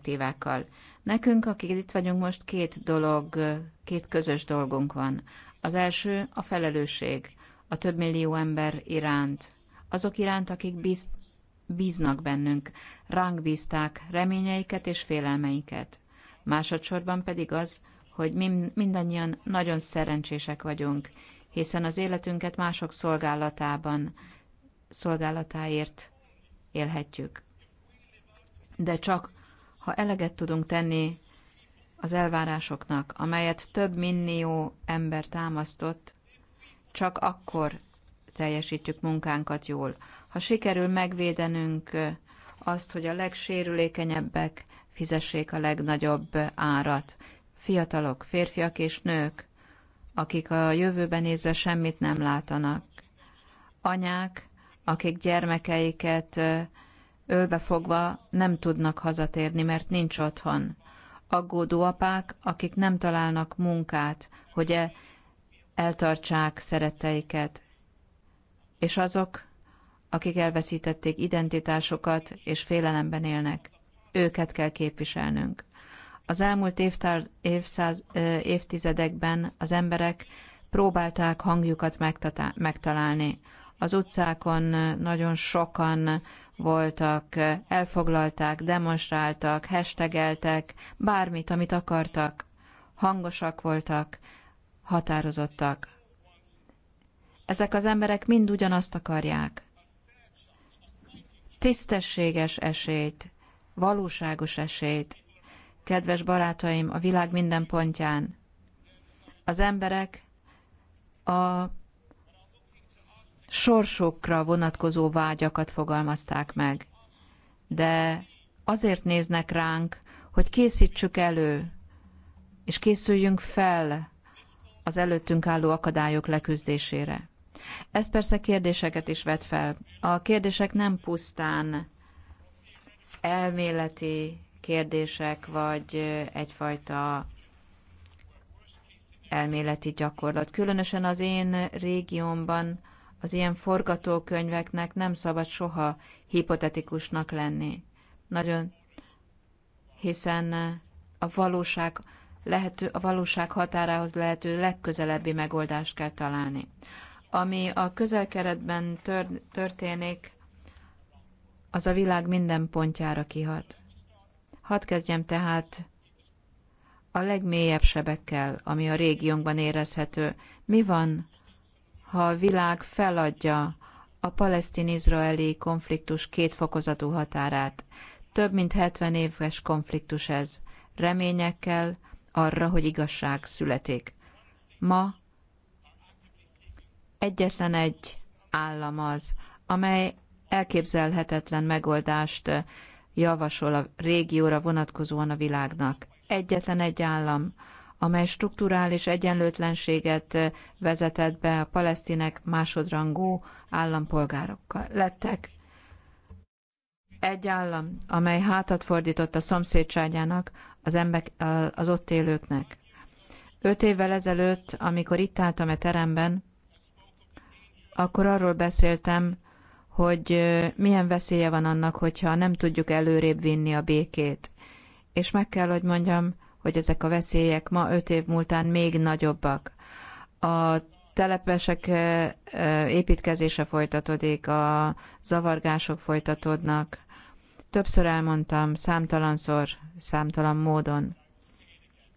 perspektívákkal. Nekünk, akik itt vagyunk most, két dolog, két közös dolgunk van. Az első a felelősség a több millió ember iránt. Azok iránt, akik bíz, bíznak bennünk, ránk bízták reményeiket és félelmeiket. Másodszorban pedig az, hogy mi mindannyian nagyon szerencsések vagyunk, hiszen az életünket mások szolgálatában, szolgálatáért élhetjük. De csak ha eleget tudunk tenni az elvárásoknak, amelyet több millió ember támasztott, csak akkor teljesítjük munkánkat jól. Ha sikerül megvédenünk azt, hogy a legsérülékenyebbek fizessék a legnagyobb árat, fiatalok, férfiak és nők, akik a jövőben nézve semmit nem látanak, anyák, akik gyermekeiket fogva nem tudnak hazatérni, mert nincs otthon. Aggódó apák, akik nem találnak munkát, hogy e- eltartsák szeretteiket, és azok, akik elveszítették identitásokat és félelemben élnek. Őket kell képviselnünk. Az elmúlt évtár, évszáz, évtizedekben az emberek próbálták hangjukat megtalálni. Az utcákon nagyon sokan voltak, elfoglalták, demonstráltak, hashtageltek, bármit, amit akartak, hangosak voltak, határozottak. Ezek az emberek mind ugyanazt akarják. Tisztességes esélyt, valóságos esélyt. Kedves barátaim, a világ minden pontján. Az emberek a sorsokra vonatkozó vágyakat fogalmazták meg. De azért néznek ránk, hogy készítsük elő, és készüljünk fel az előttünk álló akadályok leküzdésére. Ez persze kérdéseket is vet fel. A kérdések nem pusztán elméleti kérdések, vagy egyfajta elméleti gyakorlat. Különösen az én régiómban az ilyen forgatókönyveknek nem szabad soha hipotetikusnak lenni. Nagyon, hiszen a valóság, lehető, a valóság határához lehető legközelebbi megoldást kell találni. Ami a közelkeretben tör, történik, az a világ minden pontjára kihat. Hadd kezdjem tehát a legmélyebb sebekkel, ami a régiónkban érezhető. Mi van, ha a világ feladja a palesztin-izraeli konfliktus két fokozatú határát. Több mint 70 éves konfliktus ez, reményekkel arra, hogy igazság születik. Ma egyetlen egy állam az, amely elképzelhetetlen megoldást javasol a régióra vonatkozóan a világnak. Egyetlen egy állam, amely strukturális egyenlőtlenséget eh, vezetett be a palesztinek másodrangú állampolgárokkal lettek. Egy állam, amely hátat fordított a szomszédságának, az, emberek, az ott élőknek. Öt évvel ezelőtt, amikor itt álltam a e teremben, akkor arról beszéltem, hogy eh, milyen veszélye van annak, hogyha nem tudjuk előrébb vinni a békét. És meg kell, hogy mondjam, hogy ezek a veszélyek ma öt év múltán még nagyobbak. A telepesek építkezése folytatódik, a zavargások folytatódnak. Többször elmondtam, számtalanszor, számtalan módon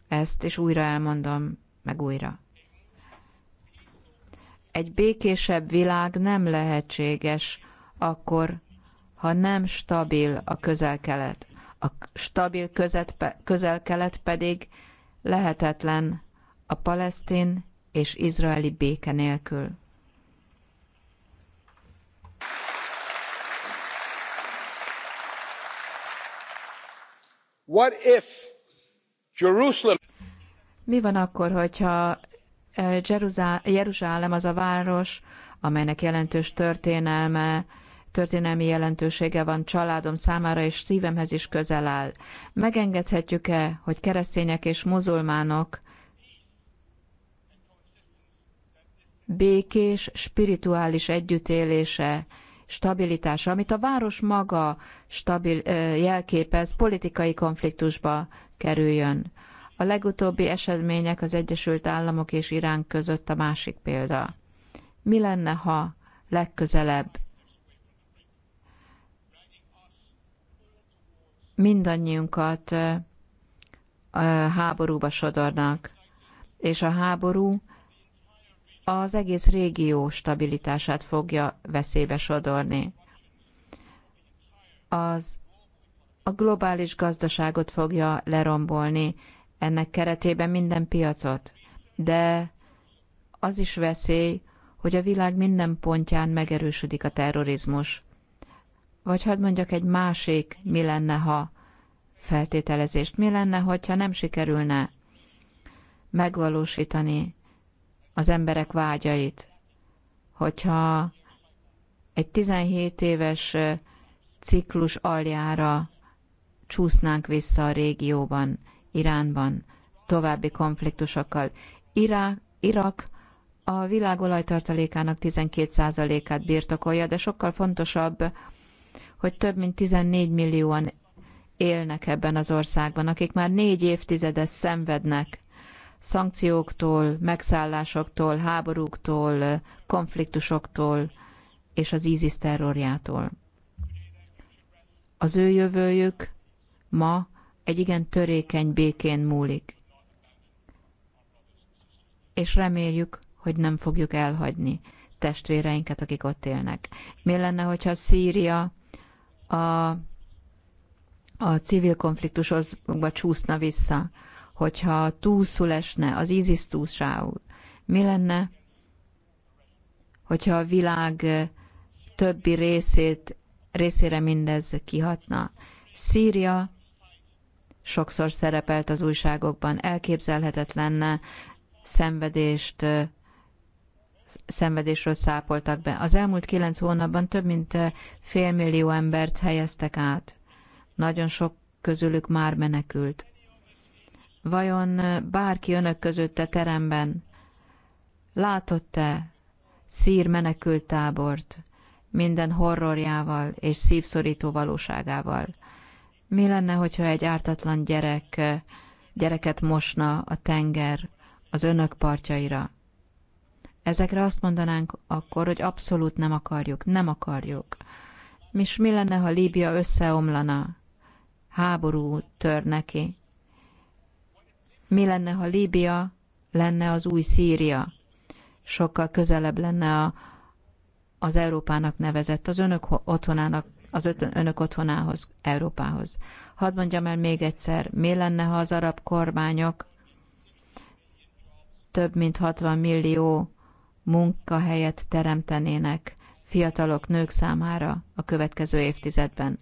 ezt, és újra elmondom, meg újra. Egy békésebb világ nem lehetséges akkor, ha nem stabil a közel-kelet a stabil közel-kelet pedig lehetetlen a palesztin és izraeli béke nélkül. What if Jerusalem... Mi van akkor, hogyha eh, Jeruzsálem az a város, amelynek jelentős történelme, történelmi jelentősége van családom számára, és szívemhez is közel áll. Megengedhetjük-e, hogy keresztények és muzulmánok békés, spirituális együttélése, stabilitása, amit a város maga stabil, jelképez, politikai konfliktusba kerüljön. A legutóbbi események az Egyesült Államok és Irán között a másik példa. Mi lenne, ha legközelebb mindannyiunkat háborúba sodornak, és a háború az egész régió stabilitását fogja veszélybe sodorni. Az a globális gazdaságot fogja lerombolni, ennek keretében minden piacot. De az is veszély, hogy a világ minden pontján megerősödik a terrorizmus. Vagy hadd mondjak egy másik, mi lenne, ha feltételezést. Mi lenne, hogyha nem sikerülne megvalósítani az emberek vágyait, hogyha egy 17 éves ciklus aljára csúsznánk vissza a régióban, Iránban, további konfliktusokkal. Irá, Irak a világ olajtartalékának 12%-át birtokolja, de sokkal fontosabb hogy több mint 14 millióan élnek ebben az országban, akik már négy évtizedes szenvednek szankcióktól, megszállásoktól, háborúktól, konfliktusoktól és az ISIS terrorjától. Az ő jövőjük ma egy igen törékeny békén múlik. És reméljük, hogy nem fogjuk elhagyni testvéreinket, akik ott élnek. Mi lenne, hogyha Szíria a, a civil konfliktusokba csúszna vissza, hogyha túlszul esne, az ISIS túlsául, mi lenne, hogyha a világ többi részét, részére mindez kihatna. Szíria sokszor szerepelt az újságokban, elképzelhetetlenne szenvedést szenvedésről szápoltak be. Az elmúlt kilenc hónapban több mint eh, félmillió embert helyeztek át. Nagyon sok közülük már menekült. Vajon eh, bárki önök között a teremben látott-e szír menekült tábort minden horrorjával és szívszorító valóságával? Mi lenne, hogyha egy ártatlan gyerek eh, gyereket mosna a tenger az önök partjaira? Ezekre azt mondanánk akkor, hogy abszolút nem akarjuk, nem akarjuk. És mi lenne, ha Líbia összeomlana, háború tör neki? Mi lenne, ha Líbia lenne az új Szíria? Sokkal közelebb lenne a, az Európának nevezett, az önök otthonának, az önök otthonához, Európához. Hadd mondjam el még egyszer, mi lenne, ha az arab kormányok több mint 60 millió munkahelyet teremtenének fiatalok, nők számára a következő évtizedben.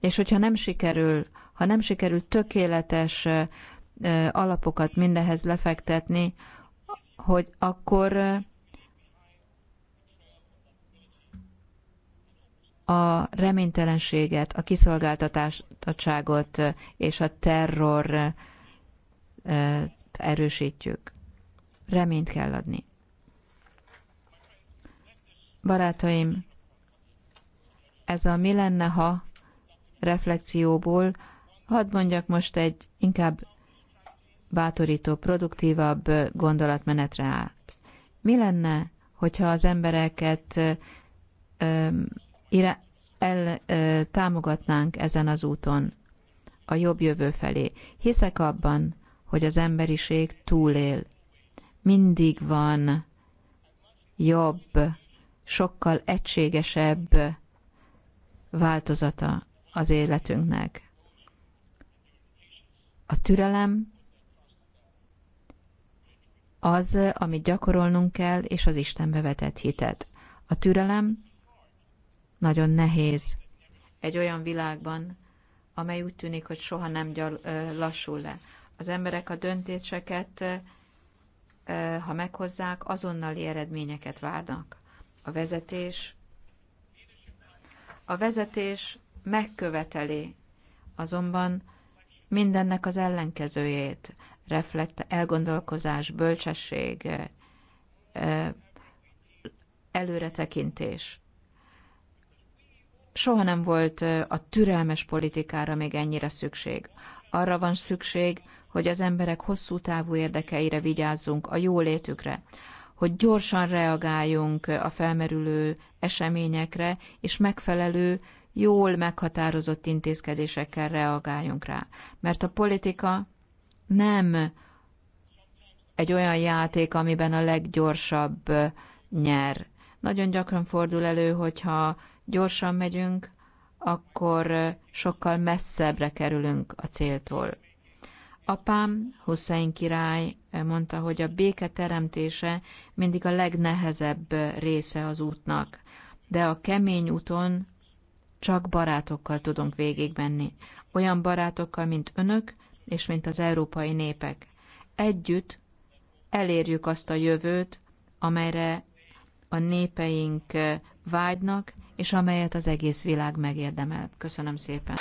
És hogyha nem sikerül, ha nem sikerül tökéletes alapokat mindehez lefektetni, hogy akkor a reménytelenséget, a kiszolgáltatottságot és a terror erősítjük. Reményt kell adni. Barátaim, ez a mi lenne, ha reflexióból, hadd mondjak most egy inkább bátorító, produktívabb gondolatmenetre át. Mi lenne, hogyha az embereket ö, ira, el, ö, támogatnánk ezen az úton, a jobb jövő felé? Hiszek abban, hogy az emberiség túlél. Mindig van jobb sokkal egységesebb változata az életünknek. A türelem az, amit gyakorolnunk kell, és az Istenbe vetett hitet. A türelem nagyon nehéz. Egy olyan világban, amely úgy tűnik, hogy soha nem gyal, lassul le. Az emberek a döntéseket, ha meghozzák, azonnali eredményeket várnak a vezetés, a vezetés megköveteli azonban mindennek az ellenkezőjét, reflekt, elgondolkozás, bölcsesség, előretekintés. Soha nem volt a türelmes politikára még ennyire szükség. Arra van szükség, hogy az emberek hosszú távú érdekeire vigyázzunk, a jólétükre, hogy gyorsan reagáljunk a felmerülő eseményekre, és megfelelő, jól meghatározott intézkedésekkel reagáljunk rá. Mert a politika nem egy olyan játék, amiben a leggyorsabb nyer. Nagyon gyakran fordul elő, hogyha gyorsan megyünk, akkor sokkal messzebbre kerülünk a céltól. Apám, Hussein király mondta, hogy a béke teremtése mindig a legnehezebb része az útnak, de a kemény úton csak barátokkal tudunk végigmenni. Olyan barátokkal, mint önök, és mint az európai népek. Együtt elérjük azt a jövőt, amelyre a népeink vágynak, és amelyet az egész világ megérdemel. Köszönöm szépen!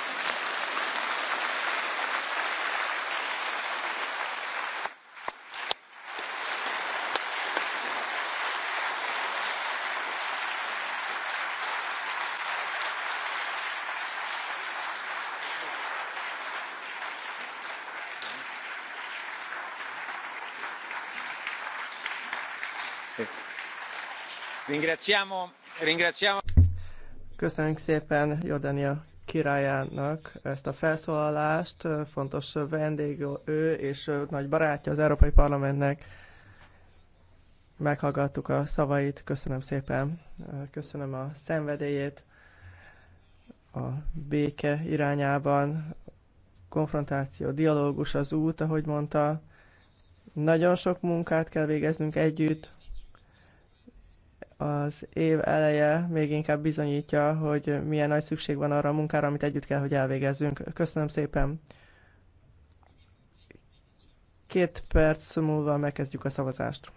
Köszönjük szépen Jordania királyának ezt a felszólalást. Fontos vendég ő és nagy barátja az Európai Parlamentnek. Meghallgattuk a szavait, köszönöm szépen. Köszönöm a szenvedélyét a béke irányában. Konfrontáció, dialógus az út, ahogy mondta. Nagyon sok munkát kell végeznünk együtt, az év eleje még inkább bizonyítja, hogy milyen nagy szükség van arra a munkára, amit együtt kell, hogy elvégezzünk. Köszönöm szépen! Két perc múlva megkezdjük a szavazást.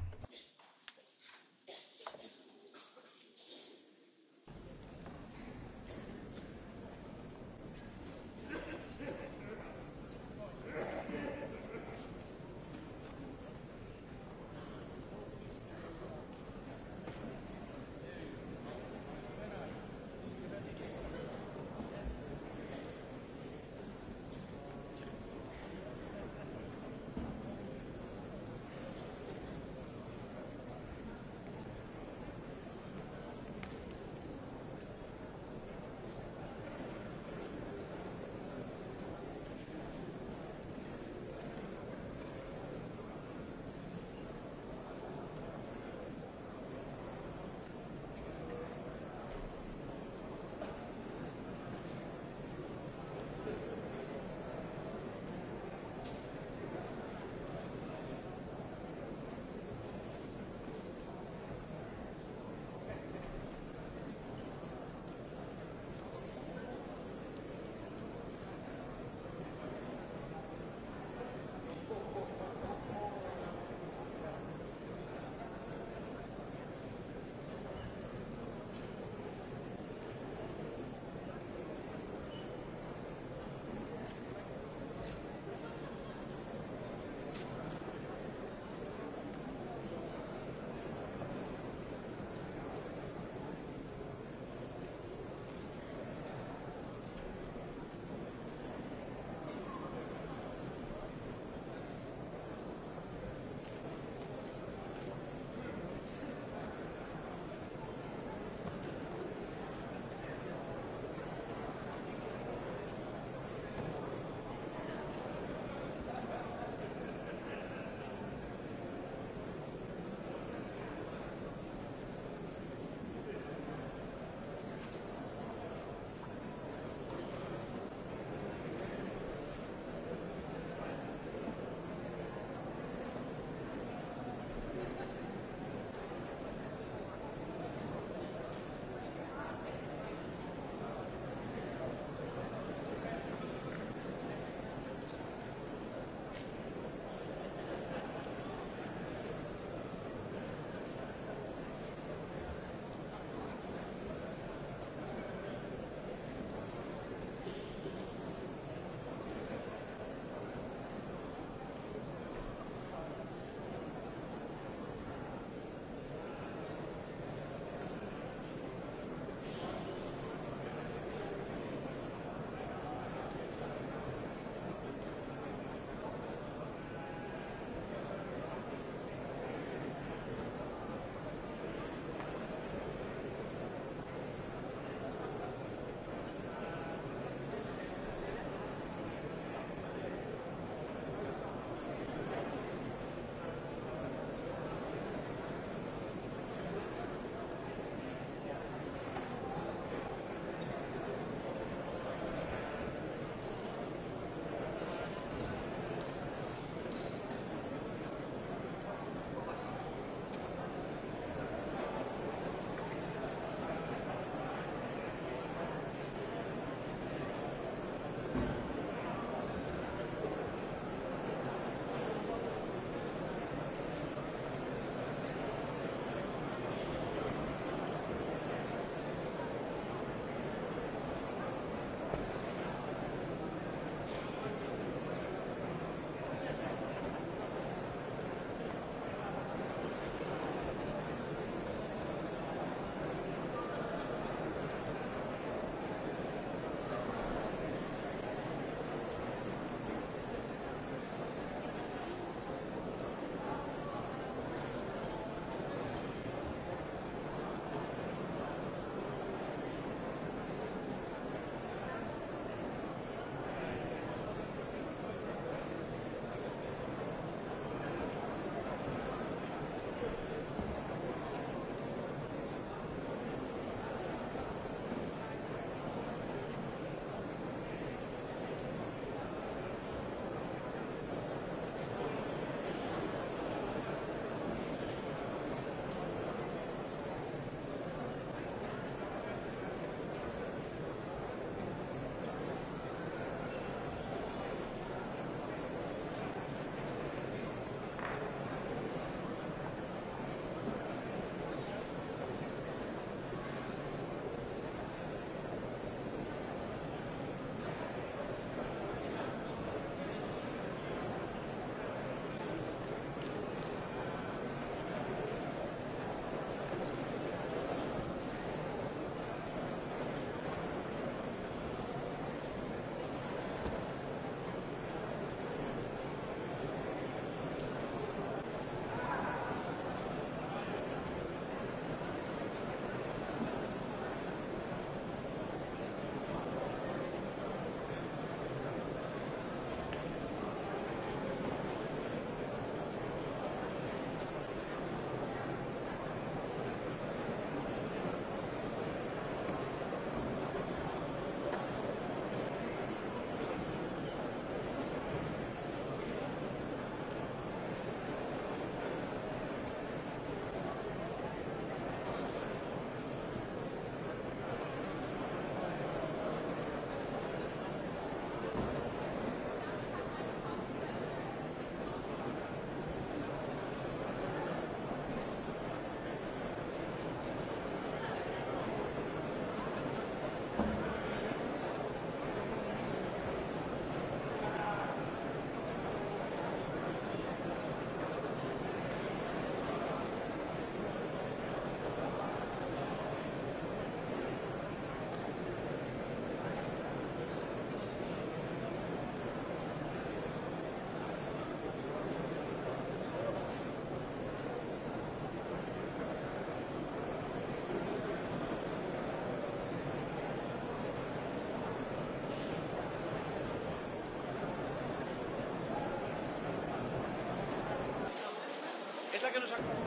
que nos acompañe.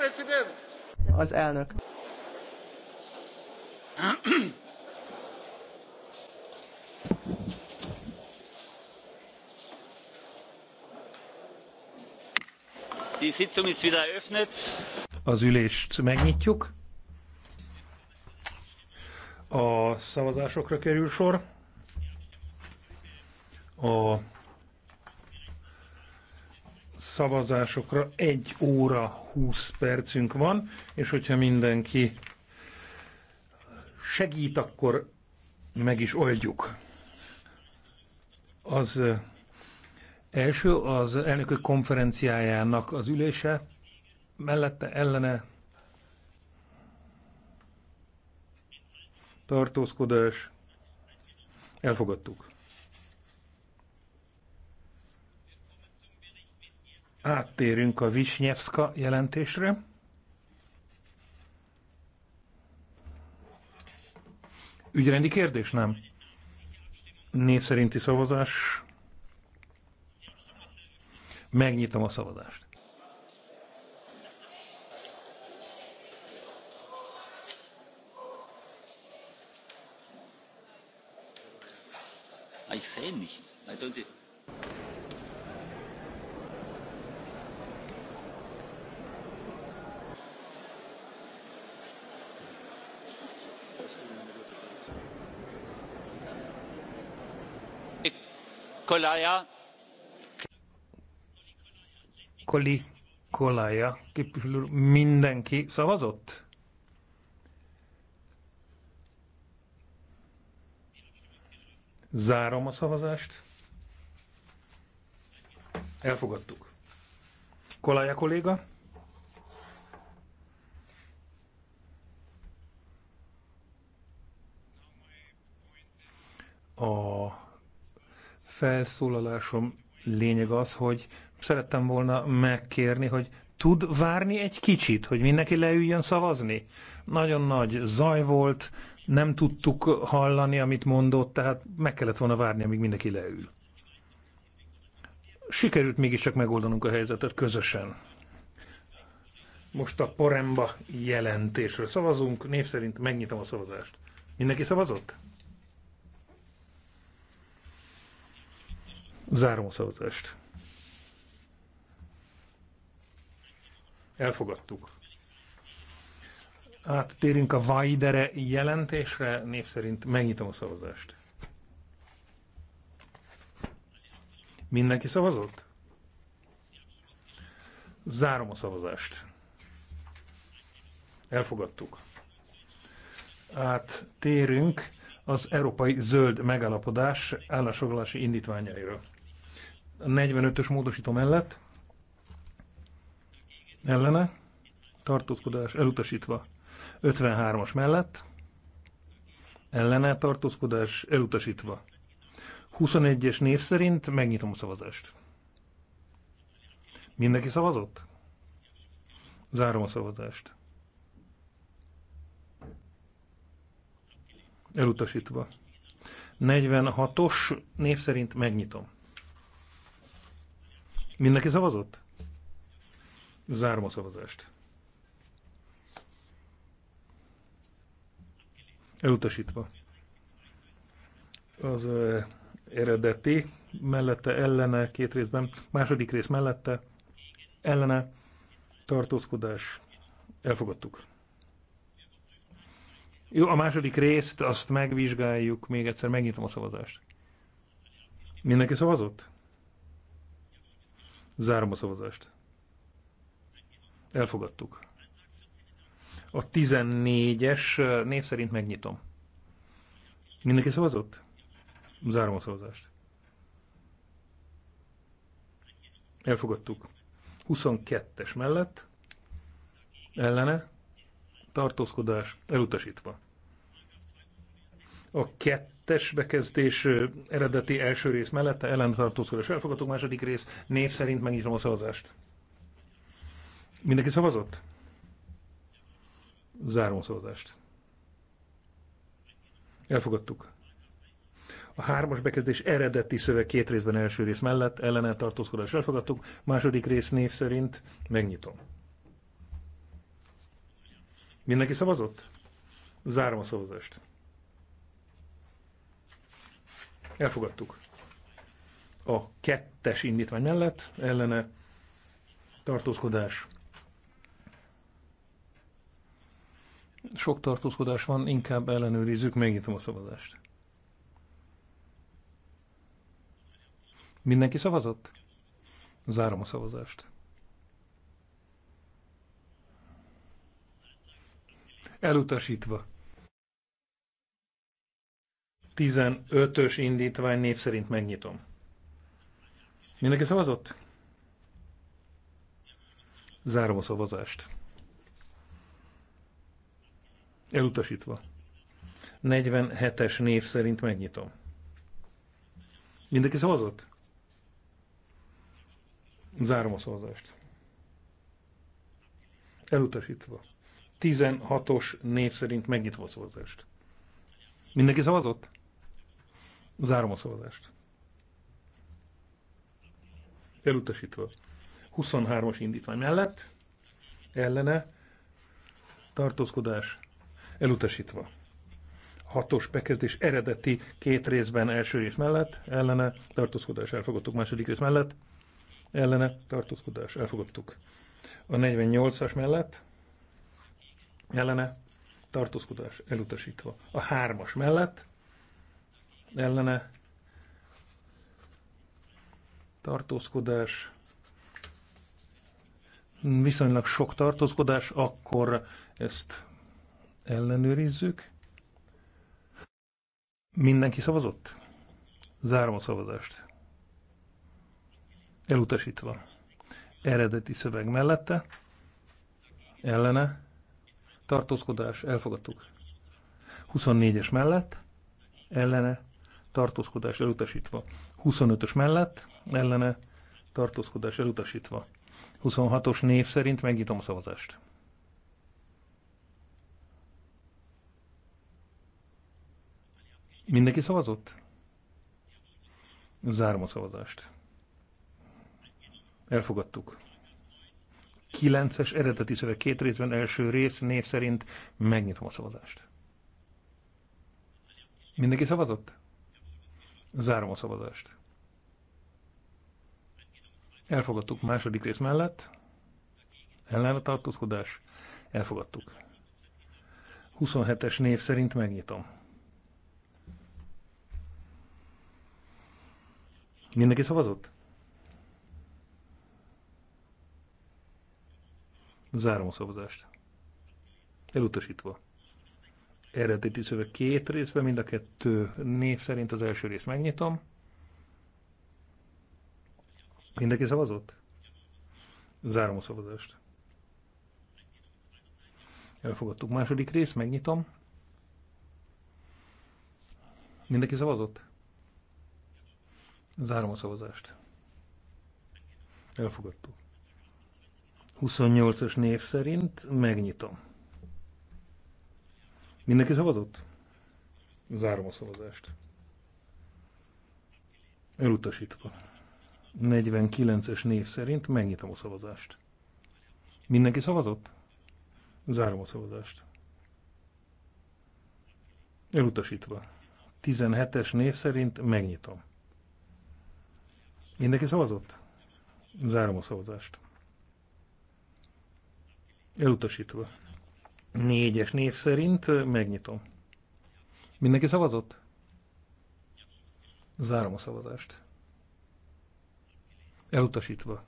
president! Az elnök. Die Sitzung ist wieder eröffnet. Az ülést megnyitjuk. A szavazásokra kerül sor. A szavazásokra egy óra 20 percünk van, és hogyha mindenki segít, akkor meg is oldjuk. Az eh, első az elnökök konferenciájának az ülése, mellette ellene tartózkodás, elfogadtuk. Áttérünk a Visnyevska jelentésre. Ügyrendi kérdés, nem? Név szerinti szavazás. Megnyitom a szavazást. Ah, ich sehe nichts. I don't see. Koli Kolája képviselő mindenki szavazott? Zárom a szavazást. Elfogadtuk. Kolája, kolléga? felszólalásom lényeg az, hogy szerettem volna megkérni, hogy tud várni egy kicsit, hogy mindenki leüljön szavazni? Nagyon nagy zaj volt, nem tudtuk hallani, amit mondott, tehát meg kellett volna várni, amíg mindenki leül. Sikerült mégiscsak megoldanunk a helyzetet közösen. Most a Poremba jelentésről szavazunk, név szerint megnyitom a szavazást. Mindenki szavazott? Zárom a szavazást. Elfogadtuk. térünk a Vajdere jelentésre, név szerint megnyitom a szavazást. Mindenki szavazott? Zárom a szavazást. Elfogadtuk. térünk az Európai Zöld Megállapodás állásfoglalási indítványairól. 45-ös módosító mellett ellene tartózkodás elutasítva. 53-as mellett ellene tartózkodás elutasítva. 21-es név szerint megnyitom a szavazást. Mindenki szavazott? Zárom a szavazást. Elutasítva. 46-os név szerint megnyitom. Mindenki szavazott? Zárom a szavazást. Elutasítva. Az uh, eredeti mellette, ellene, két részben, második rész mellette, ellene, tartózkodás, elfogadtuk. Jó, a második részt azt megvizsgáljuk, még egyszer megnyitom a szavazást. Mindenki szavazott? Zárom a szavazást. Elfogadtuk. A 14-es név szerint megnyitom. Mindenki szavazott? Zárom a szavazást. Elfogadtuk. 22-es mellett ellene tartózkodás elutasítva. A kettes bekezdés eredeti első rész mellette és elfogadtuk, második rész név szerint megnyitom a szavazást. Mindenki szavazott? Zárom a szavazást. Elfogadtuk. A hármas bekezdés eredeti szöveg két részben első rész mellett ellene tartózkodás elfogadtuk, második rész név szerint megnyitom. Mindenki szavazott? Zárom a szavazást. Elfogadtuk. A kettes indítvány mellett ellene tartózkodás. Sok tartózkodás van, inkább ellenőrizzük, megnyitom a szavazást. Mindenki szavazott? Zárom a szavazást. Elutasítva. 15-ös indítvány név szerint megnyitom. Mindenki szavazott? Zárom a szavazást. Elutasítva. 47-es név szerint megnyitom. Mindenki szavazott? Zárom a szavazást. Elutasítva. 16-os név szerint megnyitva a szavazást. Mindenki szavazott? Zárom a szavazást. Elutasítva. 23-as indítvány mellett, ellene, tartózkodás, elutasítva. 6-os bekezdés eredeti két részben első rész mellett, ellene, tartózkodás, elfogadtuk második rész mellett, ellene, tartózkodás, elfogadtuk. A 48-as mellett, ellene, tartózkodás, elutasítva. A 3-as mellett, ellene tartózkodás, viszonylag sok tartózkodás, akkor ezt ellenőrizzük. Mindenki szavazott? Zárom a szavazást. Elutasítva. Eredeti szöveg mellette, ellene, tartózkodás, elfogadtuk. 24-es mellett, ellene, tartózkodás elutasítva. 25-ös mellett ellene tartózkodás elutasítva. 26-os név szerint megnyitom a szavazást. Mindenki szavazott? Zárom a szavazást. Elfogadtuk. 9-es eredeti szöveg két részben első rész név szerint megnyitom a szavazást. Mindenki szavazott? Zárom a szavazást. Elfogadtuk második rész mellett. a tartózkodás. Elfogadtuk. 27-es név szerint megnyitom. Mindenki szavazott? Zárom a szavazást. Elutasítva eredeti szöveg két részben, mind a kettő név szerint az első részt megnyitom. Mindenki szavazott? Zárom a szavazást. Elfogadtuk. Második részt megnyitom. Mindenki szavazott? Zárom a szavazást. Elfogadtuk. 28-as név szerint megnyitom. Mindenki szavazott? Zárom a szavazást. Elutasítva. 49-es név szerint megnyitom a szavazást. Mindenki szavazott? Zárom a szavazást. Elutasítva. 17-es név szerint megnyitom. Mindenki szavazott? Zárom a szavazást. Elutasítva. Négyes név szerint megnyitom. Mindenki szavazott? Zárom a szavazást. Elutasítva.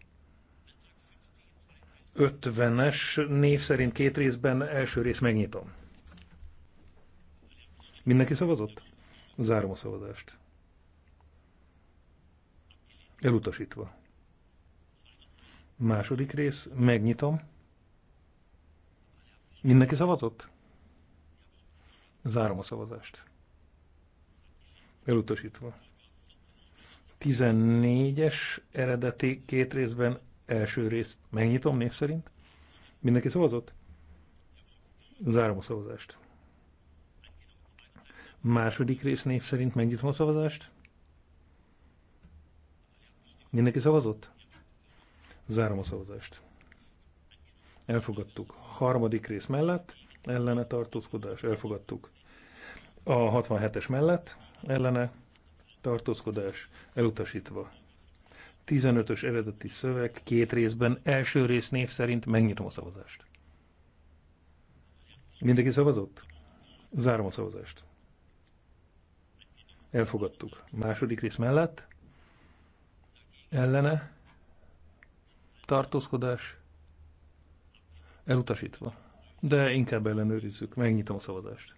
50-es név szerint két részben első rész megnyitom. Mindenki szavazott? Zárom a szavazást. Elutasítva. Második rész, megnyitom. Mindenki szavazott? Zárom a szavazást. Elutasítva. 14-es eredeti két részben első részt megnyitom név szerint. Mindenki szavazott? Zárom a szavazást. Második rész név szerint megnyitom a szavazást. Mindenki szavazott? Zárom a szavazást. Elfogadtuk harmadik rész mellett, ellene tartózkodás, elfogadtuk. A 67-es mellett, ellene tartózkodás, elutasítva. 15-ös eredeti szöveg, két részben, első rész név szerint megnyitom a szavazást. Mindenki szavazott? Zárom a szavazást. Elfogadtuk. Második rész mellett, ellene, tartózkodás, Elutasítva. De inkább ellenőrizzük. Megnyitom a szavazást.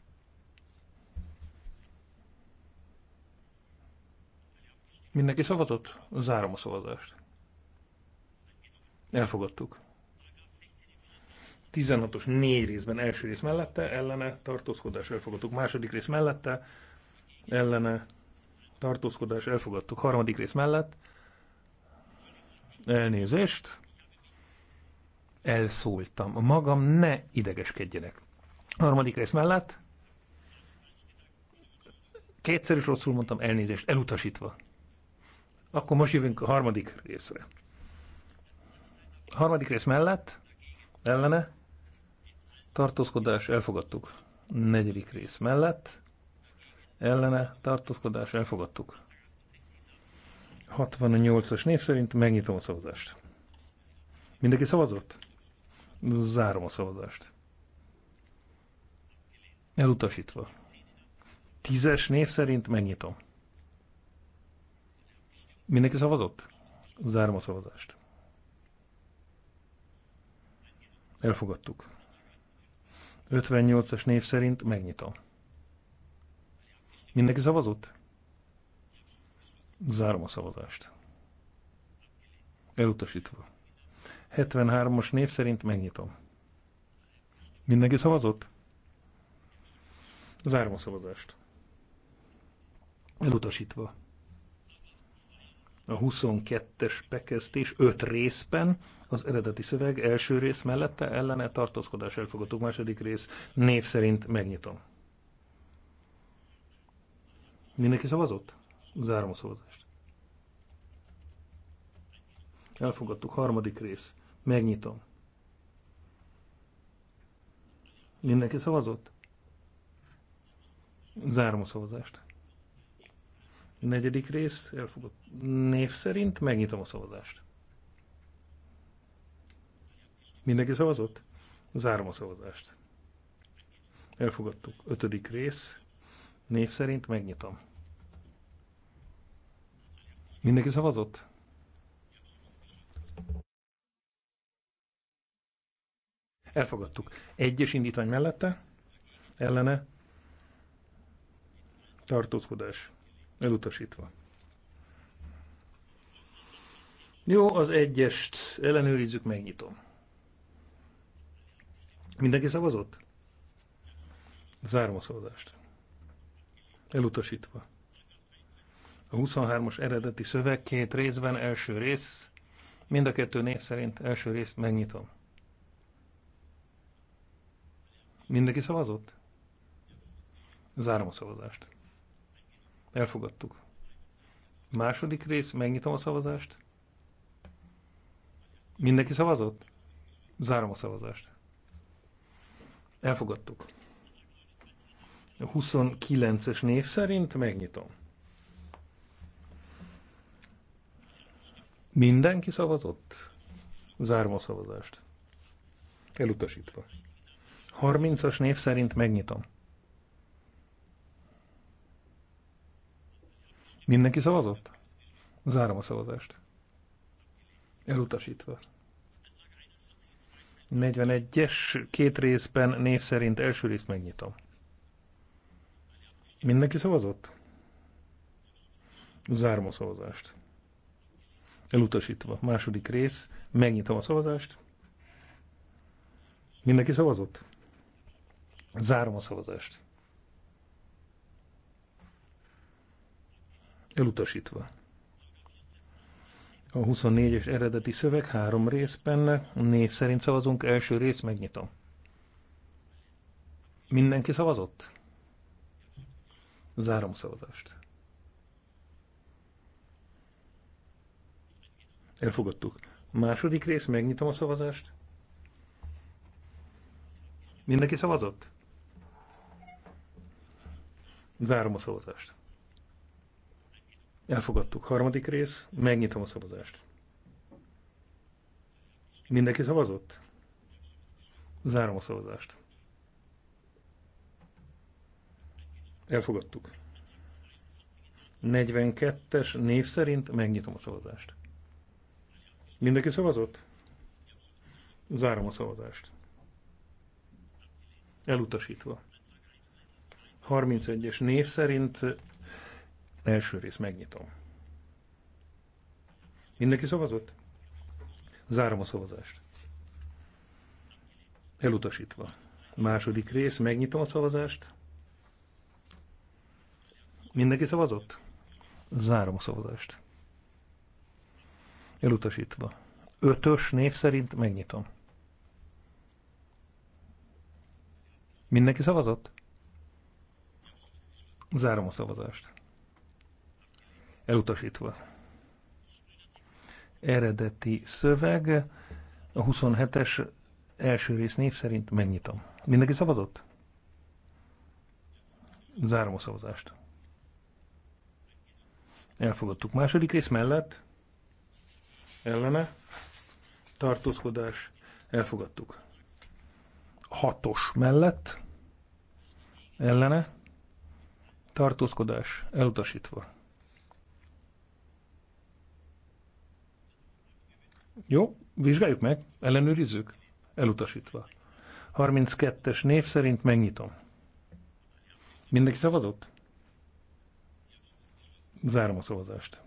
Mindenki szavazott? Zárom a szavazást. Elfogadtuk. 16-os négy részben első rész mellette, ellene tartózkodás elfogadtuk. Második rész mellette, ellene tartózkodás elfogadtuk. Harmadik rész mellett, elnézést, elszóltam. Magam ne idegeskedjenek. Harmadik rész mellett kétszer is rosszul mondtam elnézést, elutasítva. Akkor most jövünk a harmadik részre. A harmadik rész mellett, ellene, tartózkodás, elfogadtuk. A negyedik rész mellett, ellene, tartózkodás, elfogadtuk. 68-as név szerint megnyitom a szavazást. Mindenki szavazott? Zárom a szavazást. Elutasítva. Tízes név szerint megnyitom. Mindenki szavazott? Zárom a szavazást. Elfogadtuk. 58-as név szerint megnyitom. Mindenki szavazott? Zárom a szavazást. Elutasítva. 73-os név szerint megnyitom. Mindenki szavazott? Zárom a szavazást. Elutasítva. A 22-es bekezdés 5 részben az eredeti szöveg első rész mellette ellene tartózkodás elfogadó második rész név szerint megnyitom. Mindenki szavazott? Zárom a szavazást. Elfogadtuk harmadik rész Megnyitom. Mindenki szavazott? Zárom a szavazást. Negyedik rész, elfogott név szerint, megnyitom a szavazást. Mindenki szavazott? Zárom a szavazást. Elfogadtuk. Ötödik rész, név szerint megnyitom. Mindenki szavazott? Elfogadtuk. Egyes indítvány mellette, ellene, tartózkodás, elutasítva. Jó, az egyest ellenőrizzük, megnyitom. Mindenki szavazott? Zárom a szavazást. Elutasítva. A 23-as eredeti szöveg két részben, első rész, mind a kettő név szerint első részt megnyitom. Mindenki szavazott? Zárom a szavazást. Elfogadtuk. Második rész, megnyitom a szavazást. Mindenki szavazott? Zárom a szavazást. Elfogadtuk. A 29-es név szerint megnyitom. Mindenki szavazott? Zárom a szavazást. Elutasítva. 30-as név szerint megnyitom. Mindenki szavazott? Zárom a szavazást. Elutasítva. 41-es két részben név szerint első részt megnyitom. Mindenki szavazott? Zárom a szavazást. Elutasítva. Második rész. Megnyitom a szavazást. Mindenki szavazott? Zárom a szavazást. Elutasítva. A 24-es eredeti szöveg három részben, név szerint szavazunk, első rész megnyitom. Mindenki szavazott? Zárom a szavazást. Elfogadtuk. Második rész, megnyitom a szavazást. Mindenki szavazott? Zárom a szavazást. Elfogadtuk. Harmadik rész. Megnyitom a szavazást. Mindenki szavazott? Zárom a szavazást. Elfogadtuk. 42-es név szerint megnyitom a szavazást. Mindenki szavazott? Zárom a szavazást. Elutasítva. 31-es név szerint első rész megnyitom. Mindenki szavazott? Zárom a szavazást. Elutasítva. Második rész, megnyitom a szavazást. Mindenki szavazott? Zárom a szavazást. Elutasítva. Ötös név szerint megnyitom. Mindenki szavazott? Zárom a szavazást. Elutasítva. Eredeti szöveg. A 27-es első rész név szerint megnyitom. Mindenki szavazott? Zárom a szavazást. Elfogadtuk. Második rész mellett. Ellene. Tartózkodás. Elfogadtuk. Hatos mellett. Ellene tartózkodás elutasítva. Jó, vizsgáljuk meg, ellenőrizzük, elutasítva. 32-es név szerint megnyitom. Mindenki szavazott? Zárom a szavazást.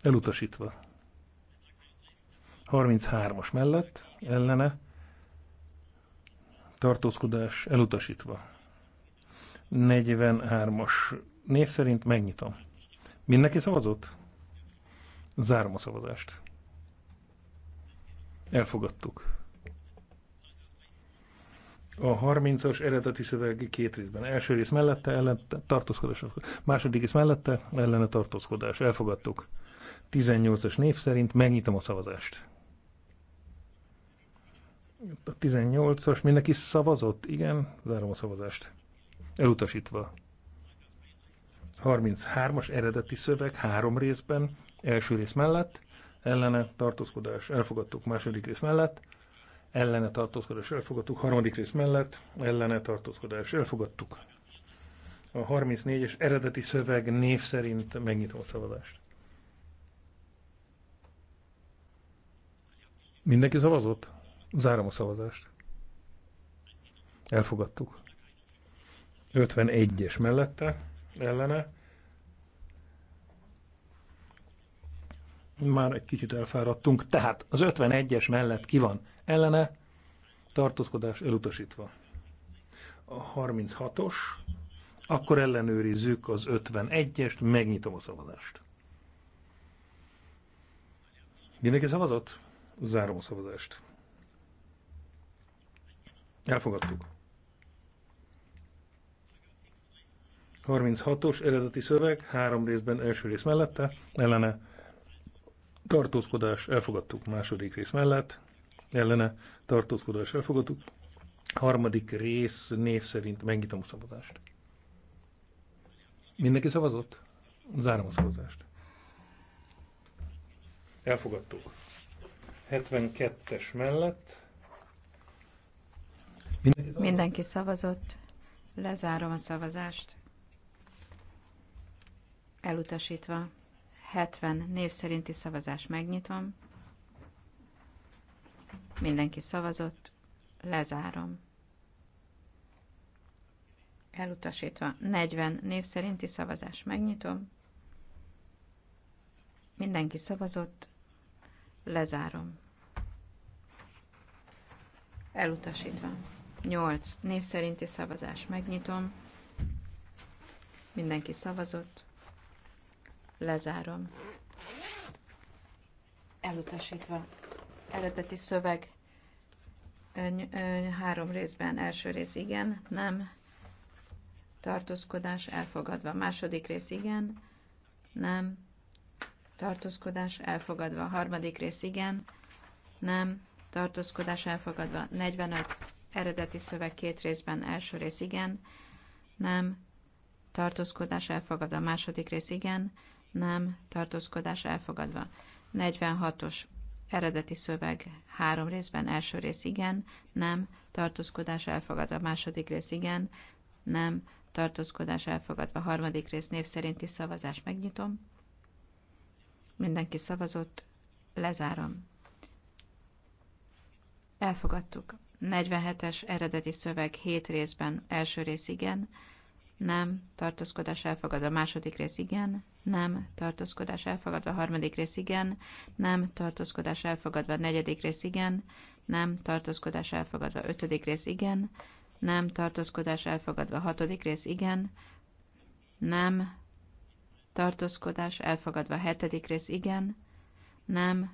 Elutasítva. 33-as mellett, ellene, tartózkodás elutasítva. 43-as név szerint megnyitom. Mindenki szavazott? Zárom a szavazást. Elfogadtuk. A 30-as eredeti szöveg két részben. Első rész mellette, ellen tartózkodás. Második rész mellette, ellene tartózkodás. Elfogadtuk. 18-as név szerint megnyitom a szavazást. A 18-as, mindenki szavazott? Igen, zárom a szavazást. Elutasítva. 33-as eredeti szöveg három részben, első rész mellett, ellene tartózkodás elfogadtuk második rész mellett, ellene tartózkodás elfogadtuk harmadik rész mellett, ellene tartózkodás elfogadtuk. A 34-es eredeti szöveg név szerint megnyitom a szavazást. Mindenki szavazott? Zárom a szavazást. Elfogadtuk. 51-es mellette, ellene. Már egy kicsit elfáradtunk, tehát az 51-es mellett ki van ellene, tartózkodás elutasítva. A 36-os, akkor ellenőrizzük az 51-est, megnyitom a szavazást. Mindenki szavazott? Zárom a szavazást. Elfogadtuk. 36-os eredeti szöveg, három részben első rész mellette, ellene tartózkodás elfogadtuk, második rész mellett, ellene tartózkodás elfogadtuk, harmadik rész név szerint megnyitom a szavazást. Mindenki szavazott? Zárom a szavazást. Elfogadtuk. 72-es mellett. Mindenki szavazott. Mindenki szavazott. Lezárom a szavazást elutasítva. 70 név szerinti szavazás megnyitom. Mindenki szavazott, lezárom. Elutasítva. 40 név szerinti szavazás megnyitom. Mindenki szavazott, lezárom. Elutasítva. 8. Név szerinti szavazás. Megnyitom. Mindenki szavazott. Lezárom. Elutasítva. Eredeti szöveg három részben. Első rész igen, nem. Tartózkodás elfogadva. Második rész igen, nem. Tartózkodás elfogadva. Harmadik rész igen, nem. Tartózkodás elfogadva. 45. Eredeti szöveg két részben. Első rész igen, nem. Tartózkodás elfogadva. Második rész igen, nem, tartózkodás elfogadva. 46-os eredeti szöveg három részben, első rész igen, nem, tartózkodás elfogadva, második rész igen, nem, tartózkodás elfogadva, harmadik rész név szerinti szavazás megnyitom. Mindenki szavazott, lezárom. Elfogadtuk. 47-es eredeti szöveg hét részben, első rész igen, nem, tartózkodás elfogadva. Második rész igen, nem, tartózkodás elfogadva. Harmadik rész igen, nem, tartózkodás elfogadva. Negyedik rész igen, nem, tartózkodás elfogadva. Ötödik rész igen, nem, tartózkodás elfogadva. Hatodik rész igen, nem, tartózkodás elfogadva. Hetedik rész igen, nem,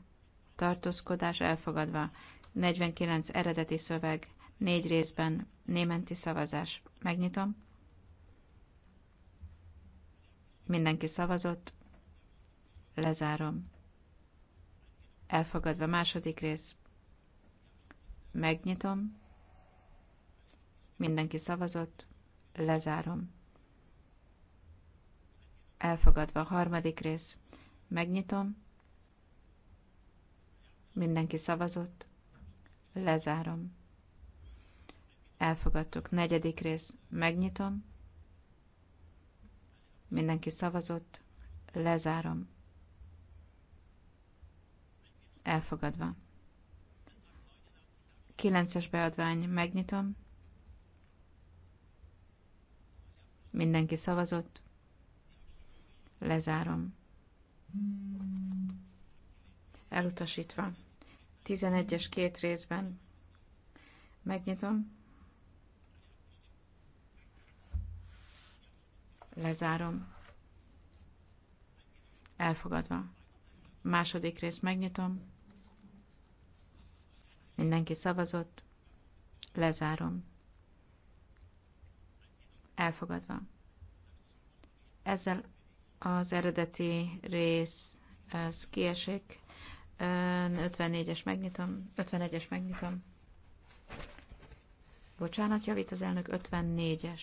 tartózkodás elfogadva. 49 eredeti szöveg, négy részben, németi szavazás. Megnyitom. Mindenki szavazott. Lezárom. Elfogadva második rész. Megnyitom. Mindenki szavazott. Lezárom. Elfogadva harmadik rész. Megnyitom. Mindenki szavazott. Lezárom. Elfogadtuk. Negyedik rész. Megnyitom. Mindenki szavazott. Lezárom. Elfogadva. Kilences beadvány. Megnyitom. Mindenki szavazott. Lezárom. Elutasítva. 11-es két részben. Megnyitom. Lezárom. Elfogadva. Második részt megnyitom. Mindenki szavazott. Lezárom. Elfogadva. Ezzel az eredeti rész ez kiesik. 54-es megnyitom. 51-es megnyitom. Bocsánat, javít az elnök 54-es.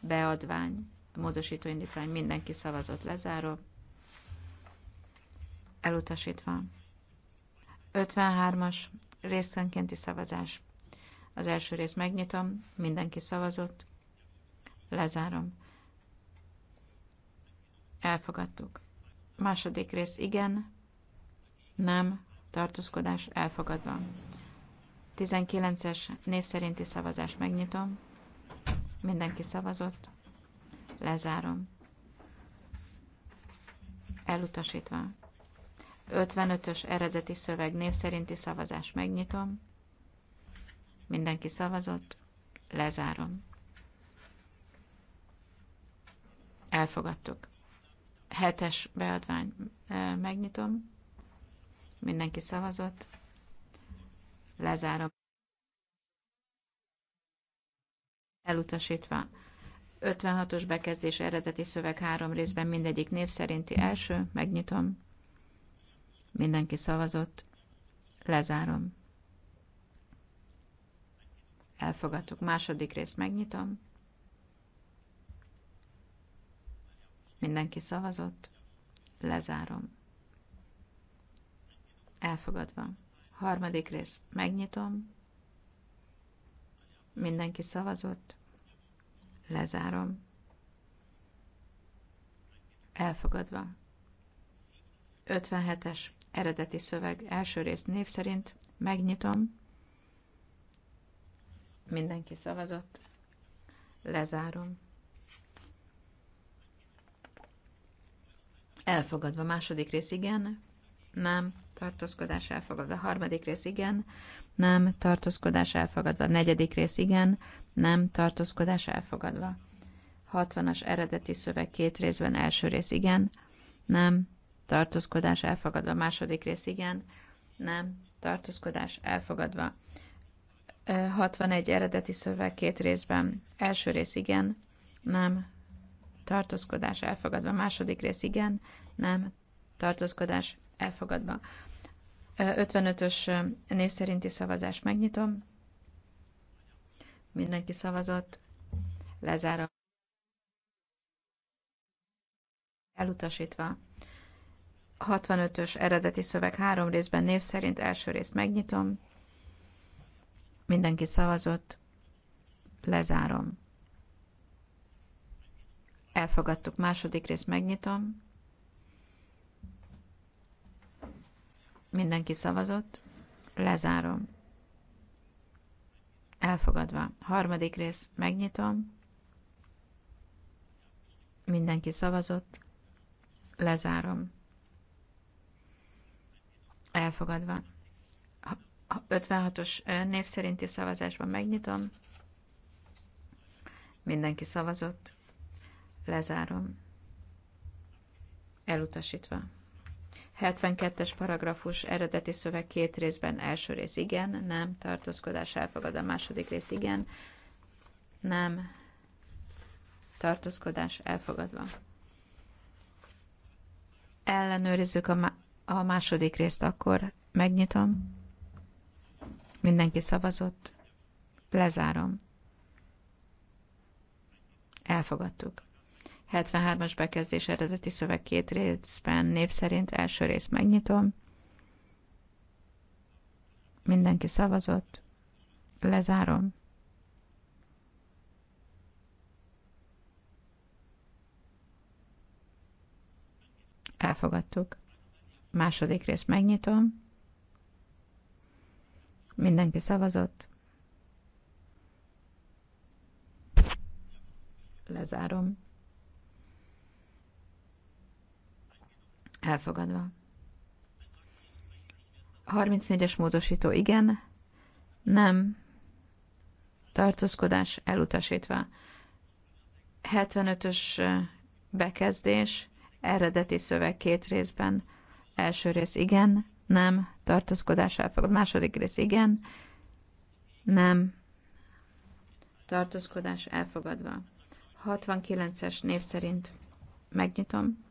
Beadvány módosító indítvány, mindenki szavazott, Lezáró. Elutasítva. 53-as részenkénti szavazás. Az első rész megnyitom, mindenki szavazott, lezárom. Elfogadtuk. Második rész igen, nem, tartózkodás elfogadva. 19-es név szerinti szavazás megnyitom. Mindenki szavazott. Lezárom. Elutasítva. 55-ös eredeti szöveg név szerinti szavazás megnyitom. Mindenki szavazott. Lezárom. Elfogadtuk. Hetes beadvány. Megnyitom. Mindenki szavazott. Lezárom. Elutasítva. 56-os bekezdés eredeti szöveg három részben mindegyik név szerinti első, megnyitom. Mindenki szavazott, lezárom. Elfogadtuk. Második részt megnyitom. Mindenki szavazott, lezárom. Elfogadva. Harmadik rész, megnyitom. Mindenki szavazott, Lezárom. Elfogadva. 57-es eredeti szöveg első rész név szerint megnyitom. Mindenki szavazott. Lezárom. Elfogadva második rész igen, nem, tartózkodás elfogadva. Harmadik rész igen, nem, tartózkodás elfogadva. Negyedik rész igen, nem tartózkodás elfogadva. 60-as eredeti szöveg két részben, első rész igen, nem, tartózkodás elfogadva, második rész igen, nem, tartózkodás elfogadva. 61 eredeti szöveg két részben, első rész igen, nem, tartózkodás elfogadva, második rész igen, nem, tartózkodás elfogadva. 55-ös név szerinti szavazást megnyitom. Mindenki szavazott. Lezárom. Elutasítva. 65-ös eredeti szöveg három részben név szerint első részt megnyitom. Mindenki szavazott. Lezárom. Elfogadtuk második részt, megnyitom. Mindenki szavazott. Lezárom. Elfogadva. Harmadik rész. Megnyitom. Mindenki szavazott. Lezárom. Elfogadva. 56-os név szerinti szavazásban megnyitom. Mindenki szavazott. Lezárom. Elutasítva. 72-es paragrafus eredeti szöveg két részben, első rész igen, nem, tartózkodás elfogad, a második rész igen, nem, tartózkodás elfogadva. Ellenőrizzük a, a második részt, akkor megnyitom. Mindenki szavazott, lezárom. Elfogadtuk. 73-as bekezdés eredeti szöveg két részben név szerint első rész megnyitom. Mindenki szavazott. Lezárom. Elfogadtuk. Második rész megnyitom. Mindenki szavazott. Lezárom. Elfogadva. 34-es módosító igen, nem, tartózkodás elutasítva. 75-ös bekezdés, eredeti szöveg két részben. Első rész igen, nem, tartózkodás elfogad. Második rész igen, nem, tartózkodás elfogadva. 69-es név szerint megnyitom.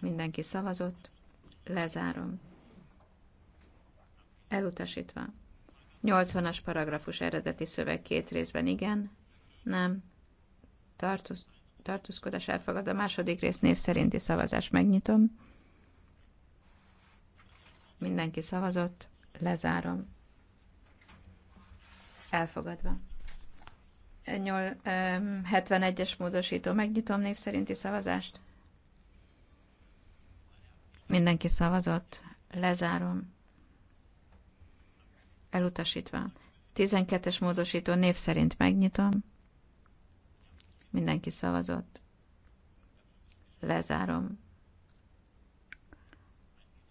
Mindenki szavazott. Lezárom. Elutasítva. 80-as paragrafus eredeti szöveg két részben igen, nem, Tartusz, tartózkodás elfogad. A második rész név szerinti szavazás megnyitom. Mindenki szavazott, lezárom. Elfogadva. 71-es módosító, megnyitom név szerinti szavazást. Mindenki szavazott. Lezárom. Elutasítva. 12-es módosító név szerint megnyitom. Mindenki szavazott. Lezárom.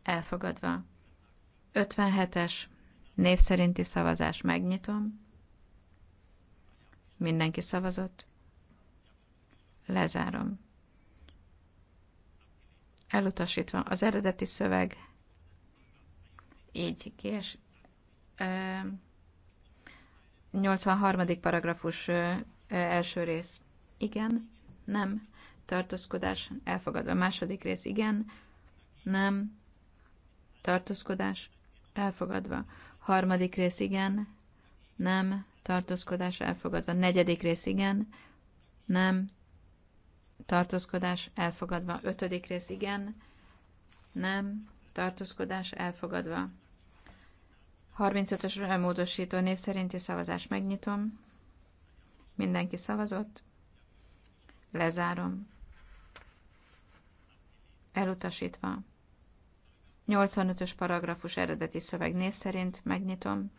Elfogadva. 57-es név szerinti szavazás megnyitom. Mindenki szavazott. Lezárom elutasítva az eredeti szöveg így kés. 83. paragrafus első rész. Igen, nem, tartózkodás, elfogadva. Második rész. Igen, nem, tartózkodás, elfogadva. Harmadik rész. Igen, nem, tartózkodás, elfogadva. Negyedik rész. Igen, nem, tartózkodás elfogadva. Ötödik rész igen, nem, tartózkodás elfogadva. 35-ös módosító név szerinti szavazás megnyitom. Mindenki szavazott. Lezárom. Elutasítva. 85-ös paragrafus eredeti szöveg név szerint megnyitom.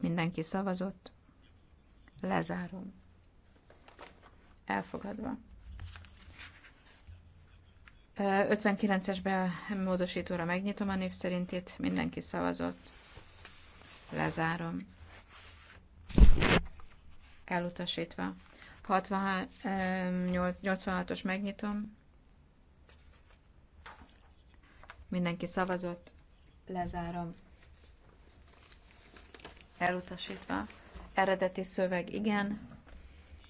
Mindenki szavazott. Lezárom elfogadva. 59-es módosítóra megnyitom a név szerint itt mindenki szavazott. Lezárom. Elutasítva. 86-os megnyitom. Mindenki szavazott. Lezárom. Elutasítva. Eredeti szöveg igen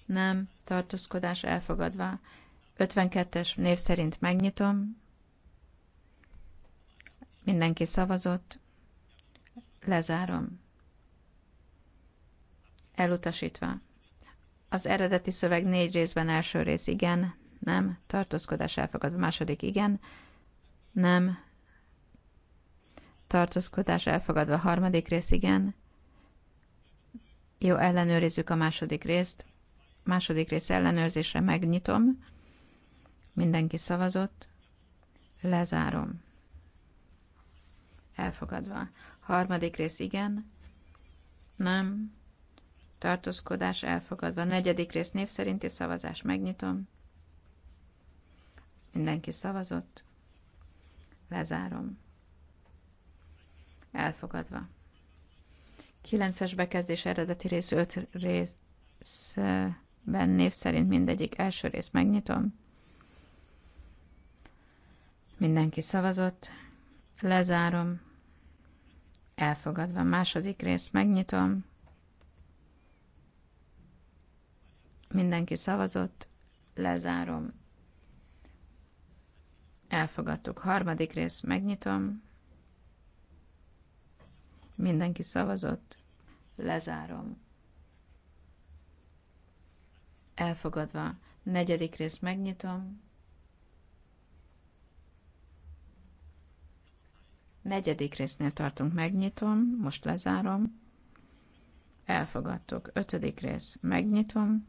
nem, tartózkodás elfogadva. 52-es név szerint megnyitom. Mindenki szavazott. Lezárom. Elutasítva. Az eredeti szöveg négy részben első rész igen, nem, tartózkodás elfogadva. Második igen, nem, tartózkodás elfogadva. Harmadik rész igen. Jó, ellenőrizzük a második részt. Második rész ellenőrzésre megnyitom. Mindenki szavazott. Lezárom. Elfogadva. Harmadik rész igen. Nem. Tartózkodás elfogadva. Negyedik rész név szerinti szavazás. Megnyitom. Mindenki szavazott. Lezárom. Elfogadva. 9-es bekezdés eredeti rész 5 rész ben név szerint mindegyik első rész megnyitom. Mindenki szavazott, lezárom, elfogadva második rész megnyitom. Mindenki szavazott, lezárom, elfogadtuk harmadik rész megnyitom. Mindenki szavazott, lezárom elfogadva. Negyedik részt megnyitom. Negyedik résznél tartunk, megnyitom, most lezárom. Elfogadtuk. Ötödik rész, megnyitom.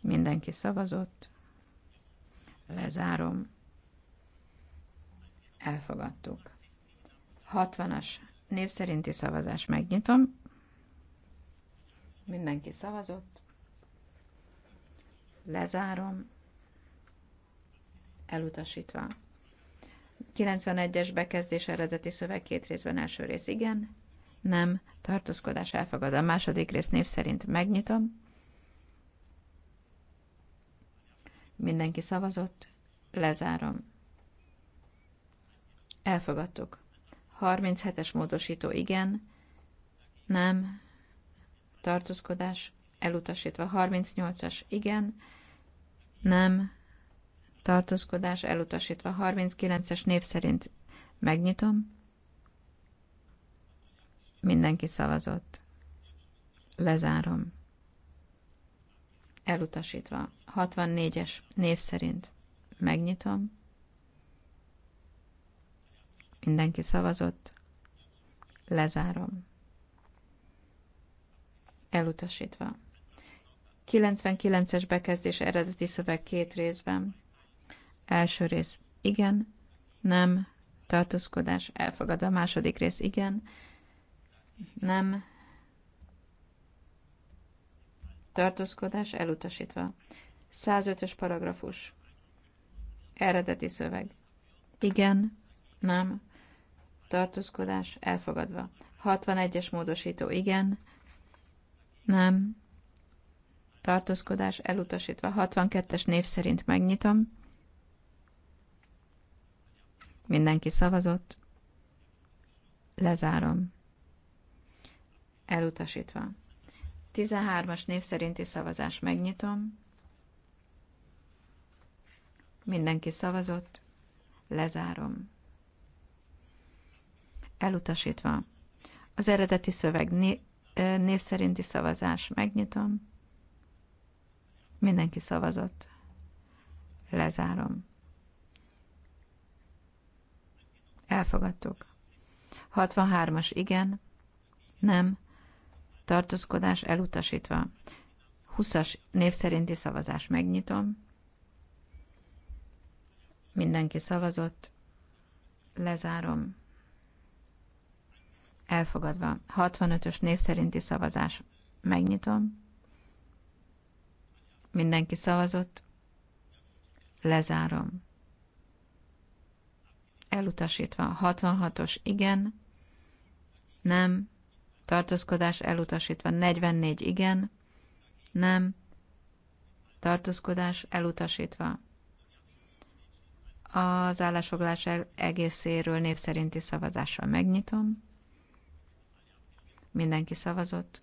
Mindenki szavazott. Lezárom. Elfogadtuk. 60-as név szerinti szavazás, megnyitom. Mindenki szavazott. Lezárom. Elutasítva. 91-es bekezdés eredeti szöveg két részben első rész igen, nem, tartózkodás elfogad. A második rész név szerint megnyitom. Mindenki szavazott, lezárom. Elfogadtuk. 37-es módosító igen, nem, tartózkodás elutasítva. 38-as igen, nem, tartózkodás elutasítva. 39-es név szerint megnyitom. Mindenki szavazott. Lezárom. Elutasítva. 64-es név szerint megnyitom. Mindenki szavazott. Lezárom elutasítva. 99-es bekezdés eredeti szöveg két részben. Első rész igen, nem, tartózkodás elfogadva. Második rész igen, nem, tartózkodás elutasítva. 105-ös paragrafus. Eredeti szöveg. Igen, nem, tartózkodás elfogadva. 61-es módosító. Igen, nem. Tartózkodás elutasítva. 62-es név szerint megnyitom. Mindenki szavazott. Lezárom. Elutasítva. 13-as név szerinti szavazás megnyitom. Mindenki szavazott. Lezárom. Elutasítva. Az eredeti szöveg név szerinti szavazás. Megnyitom. Mindenki szavazott. Lezárom. Elfogadtuk. 63-as igen, nem, tartózkodás elutasítva. 20-as név szerinti szavazás. Megnyitom. Mindenki szavazott. Lezárom. Elfogadva. 65-ös név szerinti szavazás. Megnyitom. Mindenki szavazott. Lezárom. Elutasítva. 66-os igen. Nem. Tartózkodás elutasítva. 44 igen. Nem. Tartózkodás elutasítva. Az állásfoglalás egészéről név szerinti szavazással megnyitom. Mindenki szavazott.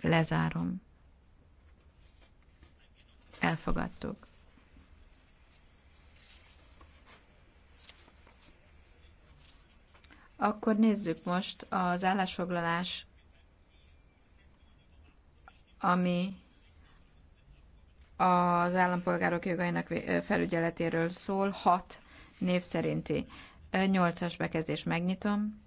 Lezárom. Elfogadtuk. Akkor nézzük most az állásfoglalás, ami az állampolgárok jogainak felügyeletéről szól, hat név szerinti. Nyolcas bekezdés megnyitom.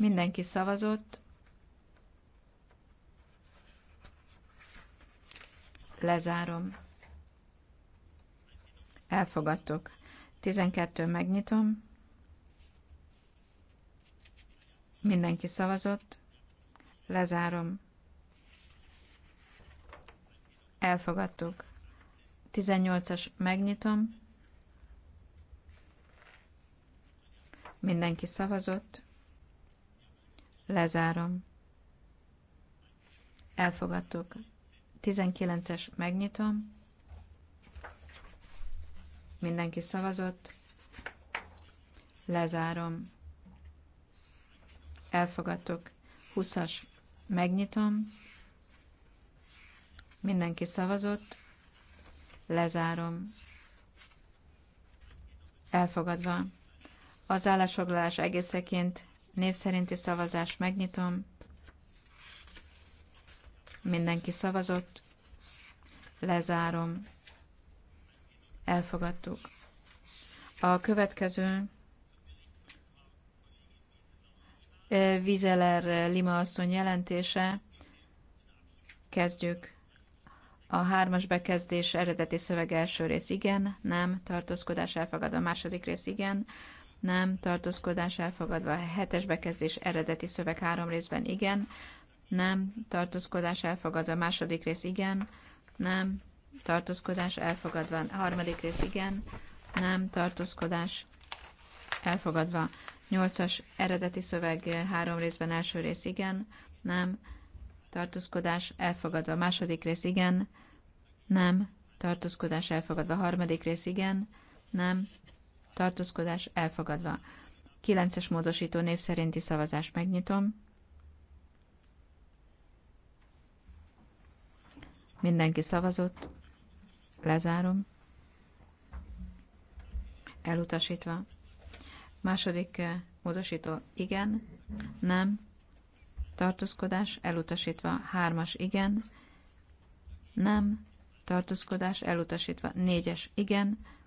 Mindenki szavazott. Lezárom. Elfogadtuk. 12 megnyitom. Mindenki szavazott. Lezárom. Elfogadtuk. 18-as megnyitom. Mindenki szavazott. Lezárom. Elfogadtuk. 19-es megnyitom. Mindenki szavazott. Lezárom. Elfogadtuk. 20-as megnyitom. Mindenki szavazott. Lezárom. Elfogadva. Az állásfoglalás egészeként Név szerinti szavazást megnyitom. Mindenki szavazott. Lezárom. Elfogadtuk. A következő Vizeler Lima asszony jelentése. Kezdjük. A hármas bekezdés eredeti szöveg első rész igen, nem, tartózkodás elfogad a második rész igen, nem, tartózkodás elfogadva, hetes bekezdés eredeti szöveg három részben, igen, nem, tartózkodás elfogadva, második rész, igen, nem, tartózkodás elfogadva, harmadik rész, igen, nem, tartózkodás elfogadva, nyolcas eredeti szöveg három részben, első rész, igen, nem, tartózkodás elfogadva, második rész, igen, nem, tartózkodás elfogadva, harmadik rész, igen, nem, tartózkodás elfogadva. 9-es módosító név szerinti szavazást megnyitom. Mindenki szavazott. Lezárom. Elutasítva. Második eh, módosító igen, nem, tartózkodás elutasítva. Hármas igen, nem, tartózkodás elutasítva. Négyes igen,